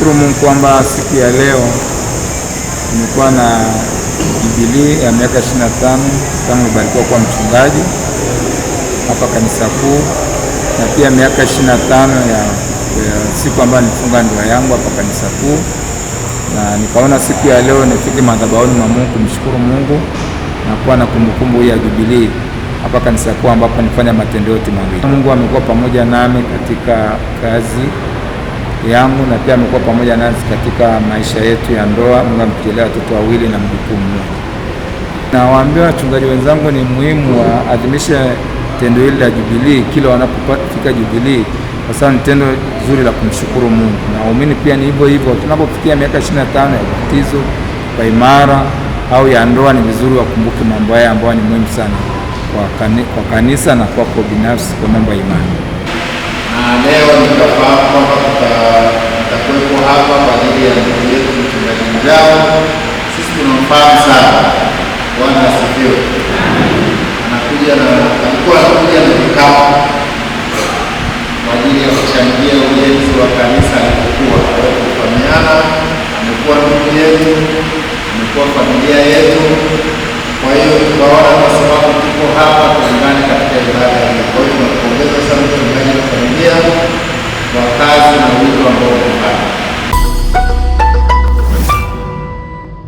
Nashukuru Mungu kwamba siku ya leo nimekuwa na jubilii ya miaka 25 tangu nibarikiwa kuwa mchungaji hapa kanisa kuu, na pia miaka 25 ya, ya siku ambayo nilifunga ndoa yangu hapa kanisa kuu, na nikaona siku ya leo nifike madhabahuni mwa Mungu kumshukuru Mungu na kuwa na kumbukumbu ya jubilii hapa kanisa kuu ambapo nifanya matendo yote mawili. Mungu amekuwa pamoja nami katika kazi yangu na pia amekuwa pamoja nasi katika maisha yetu ya ndoa. Mungu amtujalia watoto wawili na mjukuu mmoja. Nawaambia wachungaji wenzangu, ni muhimu waadhimishe tendo hili la Jubilii kila wanapofika Jubilii, kwa sababu ni tendo zuri la kumshukuru Mungu, na pia ni hivyo hivyo. Tunapofikia miaka 25 ya ubatizo kwa imara au ya ndoa, ni vizuri wakumbuke mambo haya ambayo ni muhimu sana kwa kanisa na kwako binafsi, kwa mambo ya imani hapa kwa ajili ya ndugu yetu mchungaji Mjao. Sisi tunamfahamu sana. Bwana asifiwe. Anakuja na alikuwa anakuja na vikapu kwa ajili ya kuchangia ujenzi wa kanisa alipokuwa kufamiana. Amekuwa ndugu yetu, amekuwa familia yetu. Kwa hiyo tukaona kwa sababu tuko hapa tuungane katika ibada hii. Kwa hiyo tunakupongeza sana mchungaji wa familia kwa kazi na wito ambao